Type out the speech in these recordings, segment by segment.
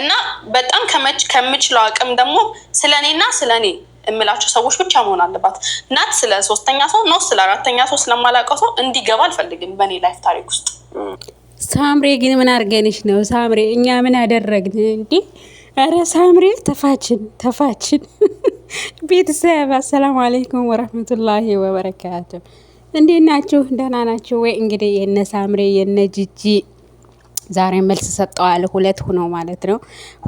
እና በጣም ከምችለው አቅም ደግሞ ስለ እኔና ስለ እኔ የምላቸው ሰዎች ብቻ መሆን አለባት። ናት ስለ ሶስተኛ ሰው ነው ስለ አራተኛ ሰው ስለማላውቀው ሰው እንዲገባ አልፈልግም በእኔ ላይፍ ታሪክ ውስጥ። ሳምሬ ግን ምን አድርገንሽ ነው? ሳምሬ እኛ ምን ያደረግን እንዴ? ኧረ ሳምሬ ተፋችን ተፋችን። ቤተሰብ አሰላሙ አለይኩም ወረህመቱላሂ ወበረካቱ። እንዴት ናችሁ? ደህና ናችሁ ወይ? እንግዲህ የነ ሳምሬ የነ ጅጂ ዛሬ መልስ ሰጠዋል። ሁለት ሁኖ ማለት ነው።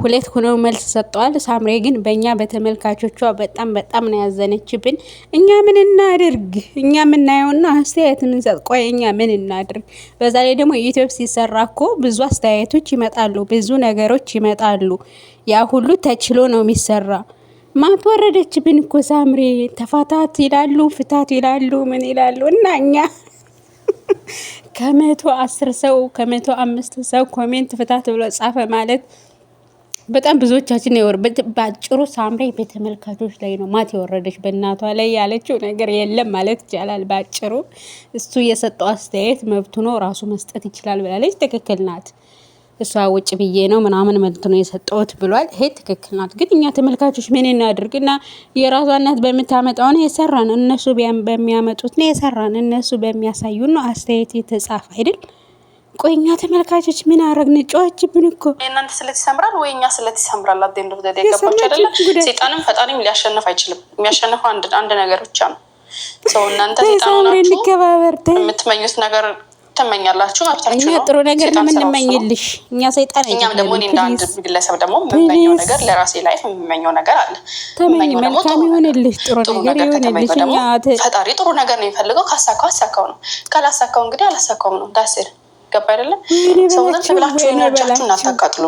ሁለት ሁኖ መልስ ሰጠዋል። ሳምሬ ግን በእኛ በተመልካቾቿ በጣም በጣም ነው ያዘነችብን። እኛ ምን እናድርግ? እኛ የምናየውና አስተያየት ሰጥ ቆይ፣ እኛ ምን እናድርግ? በዛ ላይ ደግሞ ዩቲዩብ ሲሰራ እኮ ብዙ አስተያየቶች ይመጣሉ፣ ብዙ ነገሮች ይመጣሉ። ያ ሁሉ ተችሎ ነው የሚሰራ። ማት ወረደችብን እኮ ሳምሬ። ተፋታት ይላሉ፣ ፍታት ይላሉ፣ ምን ይላሉ እና እኛ ከመቶ አስር ሰው ከመቶ አምስት ሰው ኮሜንት ፍታት ብሎ ጻፈ ማለት በጣም ብዙዎቻችን የወር በአጭሩ ሳምሬ በተመልካቾች ላይ ነው ማት የወረደች በእናቷ ላይ ያለችው ነገር የለም ማለት ይቻላል። በአጭሩ እሱ የሰጠው አስተያየት መብቱ ነው ራሱ መስጠት ይችላል ብላለች። ትክክል ናት። እሷ ውጭ ብዬ ነው ምናምን መልት ነው የሰጠሁት ብሏል። ይሄ ትክክል ናት፣ ግን እኛ ተመልካቾች ምን እናድርግ እና የራሷ እናት በምታመጣው ነው የሰራን፣ እነሱ በሚያመጡት ነው የሰራን፣ እነሱ በሚያሳዩን ነው አስተያየት የተጻፈ አይደል? ቆይ እኛ ተመልካቾች ምን አረግን? ብን እኮ እናንተ ስለት ይሰምራል ወይ እኛ ስለት ይሰምራል? አዴንዶ ደደ ገባች አይደለ? ሴጣንም ፈጣሪም ሊያሸንፍ አይችልም። የሚያሸንፈው አንድ ነገር ብቻ ነው። ሰው እናንተ ሴጣን ናችሁ የምትመኙት ነገር ትመኛላችሁ መብታችሁ ነው። ጥሩ ነገር ነው የምንመኝልሽ እኛ ሰይጣን። እኛም ደግሞ እንደ አንድ ግለሰብ ደግሞ የምመኘው ነገር ለራሴ ላይፍ የምመኘው ነገር አለ። ተመኝ፣ መልካም ይሆንልሽ፣ ጥሩ ነገር ይሆንልሽ። ፈጣሪ ጥሩ ነገር ነው የሚፈልገው። ካሳካው አሳካው ነው፣ ካላሳካው እንግዲህ አላሳካውም ነው። ዳስር ገባ አይደለም። ሰውነት ብላችሁ ኤነርጂያችሁ እናታቃጥሉ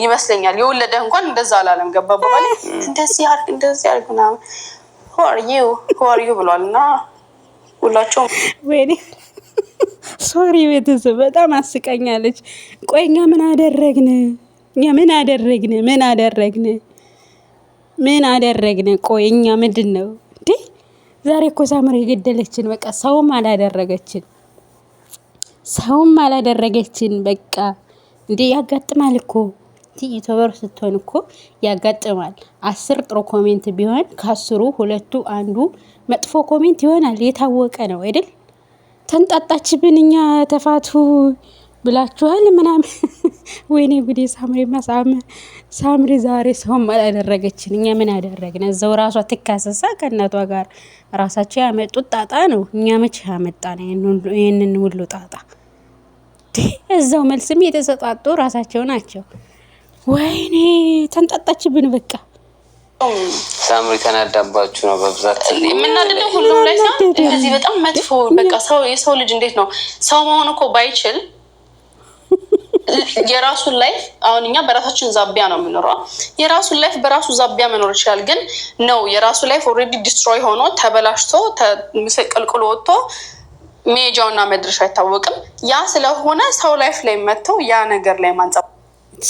ይመስለኛል የወለደ እንኳን እንደዛ አላለም። ሶሪ ቤተሰብ በጣም አስቀኛለች። ቆይ እኛ ምን አደረግን? እኛ ምን አደረግን? ምን አደረግን? ምን አደረግን? ቆይ እኛ ምንድን ነው እንዴ? ዛሬ እኮ ሳምር የገደለችን በቃ ሰውም አላደረገችን ሰውም አላደረገችን። በቃ እንዴ ያጋጥማል እኮ ዩቱበር ስትሆን እኮ ያጋጥማል። አስር ጥሩ ኮሜንት ቢሆን ከአስሩ ሁለቱ አንዱ መጥፎ ኮሜንት ይሆናል። የታወቀ ነው አይደል? ተንጣጣችብን እኛ ተፋቱ ብላችኋል ምናምን። ወይኔ ጉዴ! ሳምሬማ ሳምሪ ዛሬ ሰውም አላደረገችን። እኛ ምን አደረግን? እዛው ራሷ ትካሰሳ ከእናቷ ጋር ራሳቸው ያመጡት ጣጣ ነው። እኛ መቼ ያመጣ ነው ይህንን ሁሉ ጣጣ? እዛው መልስም የተሰጣጡ ራሳቸው ናቸው። ወይኔ ተንጣጣችብን በቃ። ሳምሪ ተናዳባችሁ ነው በብዛት የምናደደው። ሁሉም ላይ እንደዚህ በጣም መጥፎ በቃ ሰው የሰው ልጅ እንዴት ነው ሰው መሆን እኮ ባይችል የራሱን ላይፍ አሁን እኛ በራሳችን ዛቢያ ነው የምኖረው። የራሱን ላይፍ በራሱ ዛቢያ መኖር ይችላል። ግን ነው የራሱ ላይፍ ኦልሬዲ ዲስትሮይ ሆኖ ተበላሽቶ ምስቅልቅሎ ወጥቶ መሄጃውና መድረሻ አይታወቅም። ያ ስለሆነ ሰው ላይፍ ላይ መጥተው ያ ነገር ላይ ማንጸባ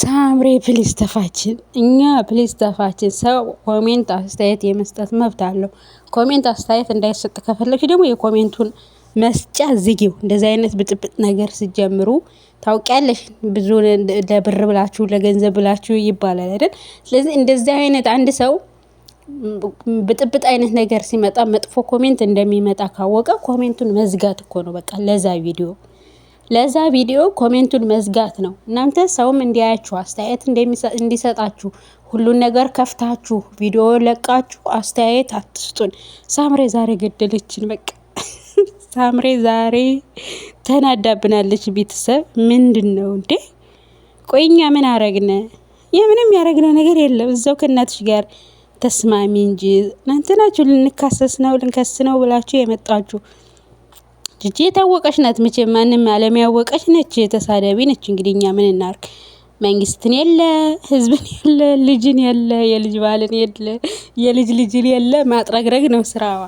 ሳምሬ ፕሊስ ተፋችን እኛ ፕሊስ ተፋችን። ሰው ኮሜንት አስተያየት የመስጠት መብት አለው። ኮሜንት አስተያየት እንዳይሰጥ ከፈለግሽ ደግሞ የኮሜንቱን መስጫ ዝጊው። እንደዚህ አይነት ብጥብጥ ነገር ስጀምሩ ታውቂያለሽ ብዙ ለብር ብላችሁ ለገንዘብ ብላችሁ ይባላል አይደል? ስለዚህ እንደዚህ አይነት አንድ ሰው ብጥብጥ አይነት ነገር ሲመጣ መጥፎ ኮሜንት እንደሚመጣ ካወቀ ኮሜንቱን መዝጋት እኮ ነው። በቃ ለዛ ቪዲዮ ለዛ ቪዲዮ ኮሜንቱን መዝጋት ነው። እናንተ ሰውም እንዲያያችሁ አስተያየት እንዲሰጣችሁ ሁሉን ነገር ከፍታችሁ ቪዲዮ ለቃችሁ አስተያየት አትስጡን። ሳምሬ ዛሬ ገደለችን በቃ። ሳምሬ ዛሬ ተናዳብናለች። ቤተሰብ ምንድን ነው እንዴ? ቆይ እኛ ምን አረግነ? የምንም ያረግነ ነገር የለም። እዛው ከእናትሽ ጋር ተስማሚ እንጂ እናንተ ናችሁ ልንካሰስ ነው ልንከስ ነው ብላችሁ የመጣችሁ። ጅጅ የታወቀች ናት፣ መቼ ማንም አለም ያወቀች ነች። ተሳዳቢ ነች። እንግዲህ እኛ ምን እናርግ? መንግስትን የለ፣ ህዝብን የለ፣ ልጅን የለ፣ የልጅ ባልን የለ፣ የልጅ ልጅን የለ። ማጥረግረግ ነው ስራዋ።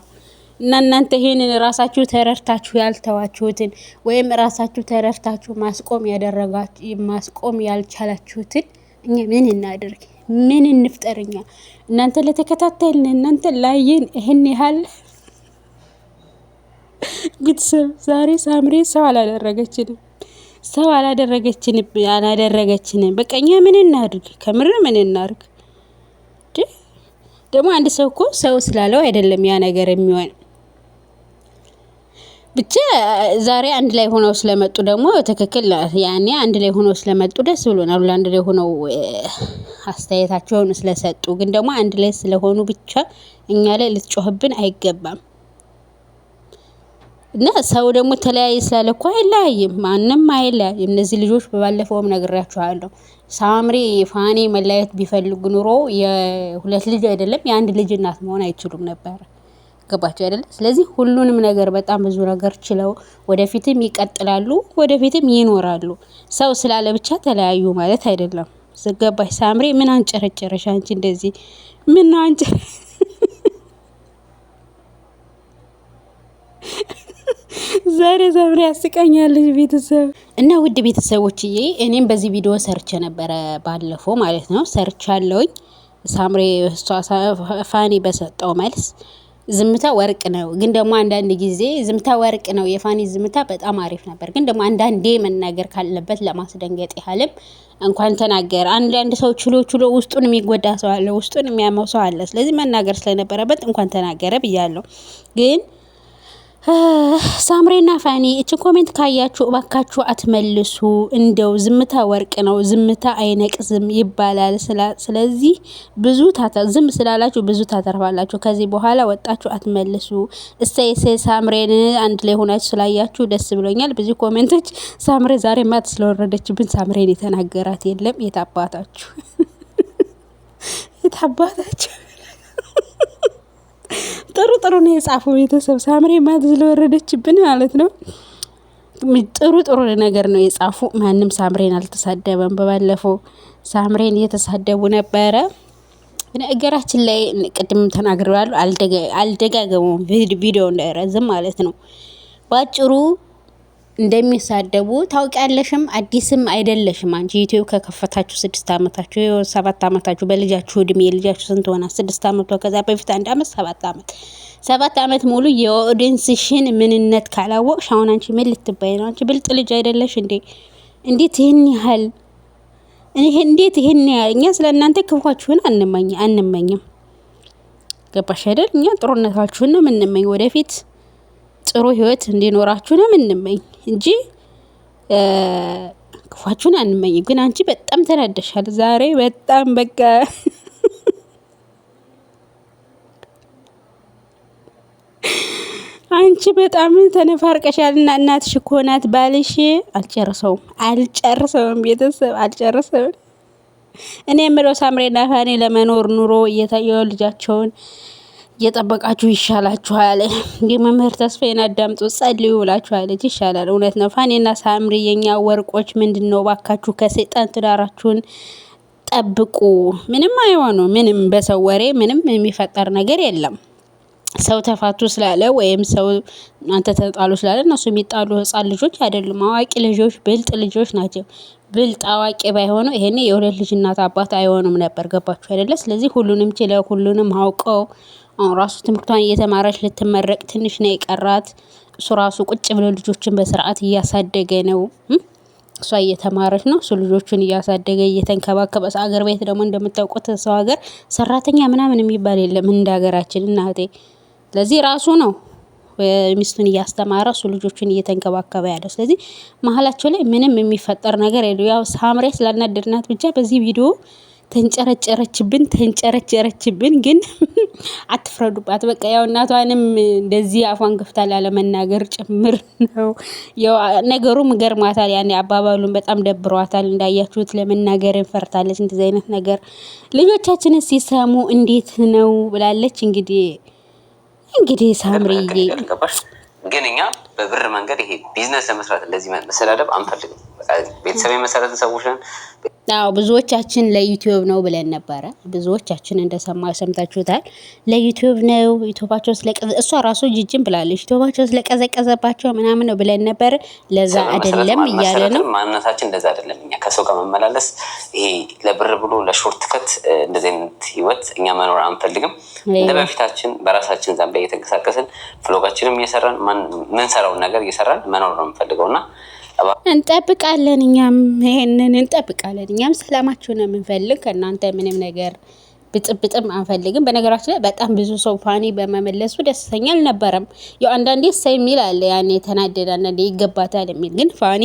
እና እናንተ ይሄንን ራሳችሁ ተረድታችሁ ያልተዋችሁትን ወይም ራሳችሁ ተረድታችሁ ማስቆም ያደረጋችሁ ማስቆም ያልቻላችሁትን እኛ ምን እናደርግ? ምን እንፍጠርኛ? እናንተ ለተከታተልን እናንተ ላየን ይህን ያህል ቤተሰብ ዛሬ ሳምሪ ሰው አላደረገችንም፣ ሰው አላደረገችንም፣ አላደረገችንም። በቃ እኛ ምን እናድርግ? ከምር ምን እናድርግ? ደግሞ አንድ ሰው እኮ ሰው ስላለው አይደለም ያ ነገር የሚሆን ብቻ ዛሬ አንድ ላይ ሆነው ስለመጡ ደግሞ ትክክል ያኔ አንድ ላይ ሆነው ስለመጡ ደስ ብሎናል። አንድ ላይ ሆነው አስተያየታቸውን ስለሰጡ፣ ግን ደግሞ አንድ ላይ ስለሆኑ ብቻ እኛ ላይ ልትጮህብን አይገባም እና ሰው ደግሞ ተለያየ ስላለ እኮ አይለያይም፣ ማንም አይለያይም። እነዚህ ልጆች በባለፈውም ነግራችኋለሁ። ሳምሪ ፋኔ መለያየት ቢፈልጉ ኑሮ የሁለት ልጅ አይደለም የአንድ ልጅ እናት መሆን አይችሉም ነበረ። ገባቸው አይደለ? ስለዚህ ሁሉንም ነገር በጣም ብዙ ነገር ችለው ወደፊትም ይቀጥላሉ፣ ወደፊትም ይኖራሉ። ሰው ስላለ ብቻ ተለያዩ ማለት አይደለም። ዝገባሽ ሳምሬ? ምን አንጨረጨረሽ አንቺ እንደዚህ ምን አንጨ ዛሬ ዛሬ ያስቀኛለች ቤተሰብ እና ውድ ቤተሰቦችዬ፣ እኔም በዚህ ቪዲዮ ሰርች ነበረ ባለፈው ማለት ነው ሰርች አለውኝ ሳምሬ እሷ ፋኒ በሰጠው መልስ ዝምታ ወርቅ ነው፣ ግን ደግሞ አንዳንድ ጊዜ ዝምታ ወርቅ ነው። የፋኒ ዝምታ በጣም አሪፍ ነበር፣ ግን ደግሞ አንዳንዴ መናገር ካለበት ለማስደንገጥ ያህልም እንኳን ተናገረ። አንዳንድ ሰው ችሎ ችሎ ውስጡን የሚጎዳ ሰው አለ፣ ውስጡን የሚያመው ሰው አለ። ስለዚህ መናገር ስለነበረበት እንኳን ተናገረ ብያለሁ ግን ሳምሬና ፋኒ እችን ኮሜንት ካያችሁ እባካችሁ አትመልሱ። እንደው ዝምታ ወርቅ ነው፣ ዝምታ አይነቅዝም ይባላል። ስለዚህ ብዙ ዝም ስላላችሁ ብዙ ታተርፋላችሁ። ከዚህ በኋላ ወጣችሁ አትመልሱ። እሰይሴ ሳምሬን አንድ ላይ ሆናችሁ ስላያችሁ ደስ ብሎኛል። ብዙ ኮሜንቶች ሳምሬ ዛሬ ማት ስለወረደችብን ሳምሬን የተናገራት የለም። የታባታችሁ የታባታችሁ ጥሩ ነው የጻፈው ቤተሰብ ሳምሬ ማት ስለወረደችብን ማለት ነው። ጥሩ ጥሩ ነገር ነው የጻፉ። ማንም ሳምሬን አልተሳደበም። በባለፈው ሳምሬን እየተሳደቡ ነበረ። ነገራችን ላይ ቅድም ተናግረዋሉ። አልደጋገመውም ቪዲዮ እንዳይረዝም ማለት ነው በአጭሩ እንደሚሳደቡ ታውቂያለሽም አዲስም አይደለሽም። አንቺ ዩቲዩብ ከከፈታችሁ ስድስት ዓመታችሁ ሰባት ዓመታችሁ በልጃችሁ እድሜ የልጃችሁ ስንት ሆና ስድስት ዓመቷ ከዛ በፊት አንድ ዓመት ሰባት ዓመት ሰባት ዓመት ሙሉ የኦዲንስሽን ምንነት ካላወቅሽ አሁን አንቺ ምን ልትባይ ነው? አንቺ ብልጥ ልጅ አይደለሽ እንዴ? እንዴት ይህን ያህል እንዴት ይህን ያህል እኛ ስለ እናንተ ክፋችሁን አንመኝ አንመኝም። ገባሽ አይደል? እኛ ጥሩነታችሁን ነው የምንመኝ ወደፊት ጥሩ ህይወት እንዲኖራችሁ ነው የምንመኝ እንጂ ክፏችሁን አንመኝም። ግን አንቺ በጣም ተናደሻል ዛሬ በጣም በቃ አንቺ በጣም ተነፋርቀሻል። እና እናትሽ እኮ ናት ባልሽ አልጨርሰውም አልጨርሰውም ቤተሰብ አልጨርሰውም። እኔ የምለው ሳምሬና ፋኔ ለመኖር ኑሮ እየታየው ልጃቸውን የጠበቃችሁ ይሻላችኋል። የመምህር ተስፋዬን አዳምጡ፣ ጸልዩ ብላችኋለች። ይሻላል እውነት ነው። ፋኔና ሳምሪ የኛ ወርቆች ምንድን ነው ባካችሁ፣ ከሰይጣን ትዳራችሁን ጠብቁ። ምንም አይሆኑ ምንም፣ በሰው ወሬ ምንም የሚፈጠር ነገር የለም። ሰው ተፋቱ ስላለ ወይም ሰው አንተ ተጣሉ ስላለ እነሱ የሚጣሉ ህፃን ልጆች አይደሉም። አዋቂ ልጆች፣ ብልጥ ልጆች ናቸው። ብልጥ አዋቂ ባይሆኑ ይሄኔ የሁለት ልጅ እናት አባት አይሆኑም ነበር። ገባችሁ አይደለ? ስለዚህ ሁሉንም ችለው ሁሉንም አውቀው አሁን ራሱ ትምህርቷን እየተማረች ልትመረቅ ትንሽ ነው የቀራት። እሱ ራሱ ቁጭ ብሎ ልጆችን በስርዓት እያሳደገ ነው። እሷ እየተማረች ነው፣ እሱ ልጆቹን እያሳደገ እየተንከባከበ። አገር ቤት ደግሞ እንደምታውቁት ሰው ሀገር ሰራተኛ ምናምን የሚባል የለም እንደ ሀገራችን እናቴ ስለዚህ ራሱ ነው ሚስቱን እያስተማረ እሱ ልጆቹን እየተንከባከበ ያለው። ስለዚህ መሀላቸው ላይ ምንም የሚፈጠር ነገር የለው። ያው ሳምሬ ስላናደድናት ብቻ በዚህ ቪዲዮ ተንጨረጨረችብን ተንጨረጨረችብን። ግን አትፍረዱባት። በቃ ያው እናቷንም እንደዚህ አፏን ከፍታ ላለመናገር ጭምር ነው። ያው ነገሩም ገርማታል። ያኔ አባባሉን በጣም ደብሯታል። እንዳያችሁት ለመናገር እንፈርታለች። እንደዚህ አይነት ነገር ልጆቻችንን ሲሰሙ እንዴት ነው ብላለች እንግዲህ እንግዲህ ሳምሪዬ ግን እኛ በብር መንገድ ይሄ ቢዝነስ ለመስራት እንደዚህ መሰዳደብ አንፈልግም። ቤተሰብ የመሰረትን ሰዎች አዎ ብዙዎቻችን ለዩቲዩብ ነው ብለን ነበረ። ብዙዎቻችን እንደሰማ ሰምታችሁታል። ለዩቲዩብ ነው ዩቲዩባቸው ስለቀዘ እሷ ራሱ ጅጅም ብላለች። ዩቲዩባቸው ስለቀዘቀዘባቸው ምናምን ነው ብለን ነበረ። ለዛ አይደለም እያለ ነው ማንነታችን። እንደዛ አይደለም እኛ ከሰው ጋር መመላለስ ይሄ ለብር ብሎ ለሾርት ከት እንደዚህ አይነት ህይወት እኛ መኖር አንፈልግም። እንደ በፊታችን በራሳችን ዛንቢያ እየተንቀሳቀስን ፍሎጋችንም እየሰራን ምንሰራውን ነገር እየሰራን መኖር ነው የምንፈልገው እና እንጠብቃለን። እኛም ይሄንን እንጠብቃለን። እኛም ሰላማችሁን የምንፈልግ ከእናንተ ምንም ነገር ብጥብጥም አንፈልግም። በነገራችን ላይ በጣም ብዙ ሰው ፋኒ በመመለሱ ደስተኛ አልነበረም። ያው አንዳንዴ ሳይ የሚል አለ ያኔ የተናደደ አንዳንዴ ይገባታል የሚል ግን ፋኒ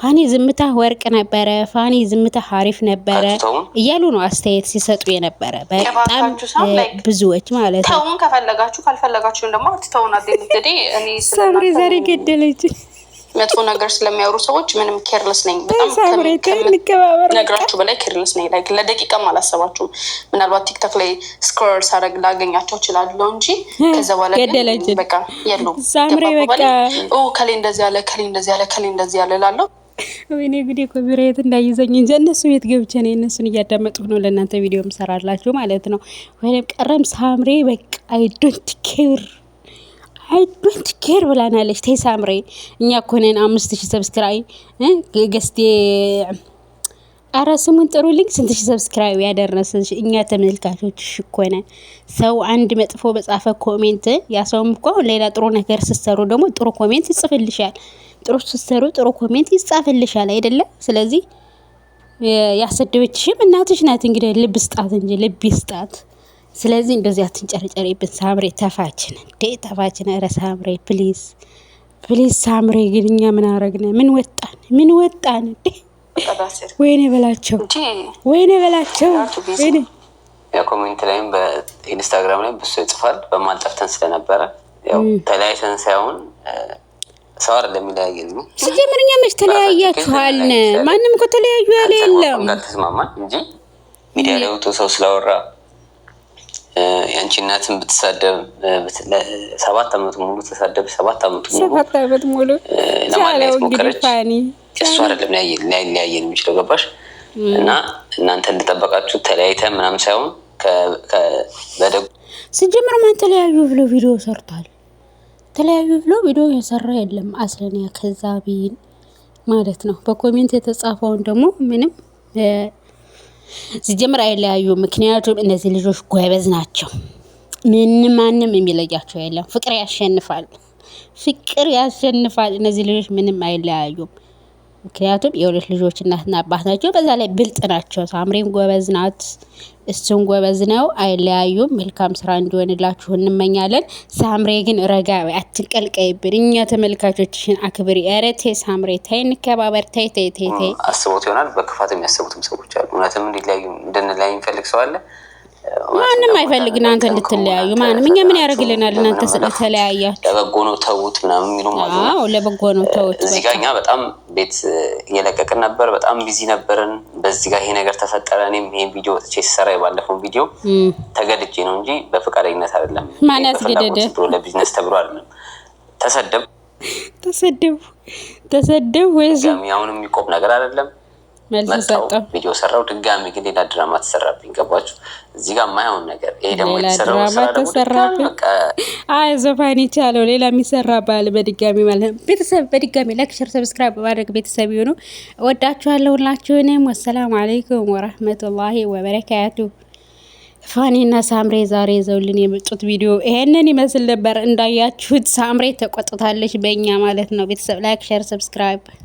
ፋኒ ዝምታ ወርቅ ነበረ፣ ፋኒ ዝምታ ሀሪፍ ነበረ እያሉ ነው አስተያየት ሲሰጡ የነበረ በጣም ብዙዎች ማለት ነው። ተውን ከፈለጋችሁ ካልፈለጋችሁም ደግሞ አትተውን። አዴ ሰምሪ ዛሬ ገደለች። መጥፎ ነገር ስለሚያወሩ ሰዎች ምንም ኬርለስ ነኝ። በጣም ነግራችሁ በላይ ኬርለስ ነኝ። ላይ ለደቂቃም አላሰባችሁም። ምናልባት ቲክቶክ ላይ ስክሮል ሳደርግ ላገኛቸው እችላለሁ እንጂ ከዛ በኋላ በቃ የለውም። ከሌ እንደዚህ ያለ ከሌ እንደዚህ ያለ ከሌ እንደዚህ ያለ ላለው ወይኔ ጉዴ ኮፒራይት እንዳይዘኝ እንጂ እነሱ ቤት ገብቼ ነው እነሱን እያዳመጥኩ ነው። ለእናንተ ቪዲዮ ምሰራላችሁ ማለት ነው። ወይም ቀረም ሳምሬ በቃ አይዶንት ኬር አይ ዶንት ኬር ብላናለች። ተሳምሬ እኛ ኮነን አምስት ሺ ሰብስክራይ ገስቴ አረ ስሙን ጥሩ ሊንክ ስንት ሺ ሰብስክራይብ ያደረሰሽ እኛ ተመልካቾች ሽኮነ ሰው አንድ መጥፎ በጻፈ ኮሜንት ያ ሰውም እኮ አሁን ሌላ ጥሩ ነገር ስሰሩ ደግሞ ጥሩ ኮሜንት ይጽፍልሻል። ጥሩ ስሰሩ ጥሩ ኮሜንት ይጻፍልሻል አይደለም? ስለዚህ ያሰደበችሽም እናትሽ ናት። እንግዲህ ልብ ስጣት እንጂ ልብ ይስጣት። ስለዚህ እንደዚህ አትንጨረጨሪብን ሳምሬ፣ ተፋችን እንዴ ተፋችን። ኧረ ሳምሬ ፕሊዝ ፕሊዝ ሳምሬ። ግን እኛ ምን አረግነ? ምን ወጣን? ምን ወጣን እንዴ? ወይኔ በላቸው፣ ወይኔ በላቸው። ኮሜንት ላይም በኢንስታግራም ላይ ብሶ ይጽፋል። በማልጠፍተን ስለነበረ ተለያይተን ሳይሆን ሰው አይደለም የሚለያየን። ሲጀምር እኛ መች ተለያያችኋል? ማንም እኮ ተለያዩ ያለ የለም። እንዳልተስማማን እንጂ ሚዲያ ላይ ሰው ስላወራ የአንቺ እናትን ብትሳደብ ሰባት ዓመት ሙሉ ተሳደብ ሰባት ዓመት ሙሉ ሰባት ዓመት ሙሉ ለማለት ሞከረች። እሱ አይደለም ሊያየን የሚችለው ገባሽ? እና እናንተ እንደጠበቃችሁ ተለያይተ ምናምን ሳይሆን በደጉ ስንጀምር ማን ተለያዩ ብሎ ቪዲዮ ሰርቷል። ተለያዩ ብሎ ቪዲዮ የሰራ የለም። አስለኒያ ከዛ ቢን ማለት ነው። በኮሜንት የተጻፈውን ደግሞ ምንም ሲጀምር አይለያዩ። ምክንያቱም እነዚህ ልጆች ጎበዝ ናቸው። ምንም ማንም የሚለያቸው የለም። ፍቅር ያሸንፋል። ፍቅር ያሸንፋል። እነዚህ ልጆች ምንም አይለያዩም። ምክንያቱም የሁለት ልጆች እናትና አባት ናቸው። በዛ ላይ ብልጥ ናቸው። ሳምሬም ጎበዝ ናት፣ እሱም ጎበዝ ነው። አይለያዩም። መልካም ስራ እንዲሆንላችሁ እንመኛለን። ሳምሬ ግን ረጋ አትንቀልቀይብን። እኛ ተመልካቾችሽን አክብሪ። ኧረ ተይ ሳምሬ ተይ፣ እንከባበር። ታይ ተይ ተይ ተይ። አስቦት ይሆናል። በክፋት የሚያስቡትም ሰዎች አሉ። እውነትም እንዲለያዩ እንድንለያይ የሚፈልግ ሰው አለ። ማንም አይፈልግ እናንተ እንድትለያዩ ማንም። እኛ ምን ያደርግልናል እናንተ ስለተለያያችሁ? ለበጎ ነው ተዉት ምናምን የሚሉ አዎ፣ ለበጎ ነው ተዉት። እዚህ ጋር እኛ በጣም ቤት እየለቀቅን ነበር፣ በጣም ቢዚ ነበርን። በዚህ ጋር ይሄ ነገር ተፈጠረ። እኔም ይሄን ቪዲዮ ወጥቼ ሲሰራ የባለፈውን ቪዲዮ ተገድጄ ነው እንጂ በፈቃደኝነት አይደለም። ማን ያስገደደ? ለቢዝነስ ተብሎ አይደለም። ተሰደብ ተሰደቡ ተሰደቡ ወይ አሁን የሚቆም ነገር አይደለም። መጣው ቪዲዮ ሰራው። ድጋሚ ግን ሌላ ድራማ ተሰራብኝ። ገባችሁ? እዚህ ጋር ማይሆን ነገር ይሄ ደግሞ የተሰራው ተሰራ። አይ ዞፋን ይቻለው ሌላ የሚሰራ ባል በድጋሚ ማለት ነው። ቤተሰብ በድጋሚ ላይክ፣ ሸር፣ ሰብስክራይብ በማድረግ ቤተሰብ ይሁኑ። ወዳችኋለሁ ሁላችሁንም። ወሰላሙ አለይኩም ወራህመቱላሂ ወበረካቱ። ፋኒ ፋኒና ሳምሬ ዛሬ ይዘውልን የመጡት ቪዲዮ ይሄንን ይመስል ነበር። እንዳያችሁት ሳምሬ ተቆጥታለች በእኛ ማለት ነው። ቤተሰብ ላይክ፣ ሸር፣ ሰብስክራይብ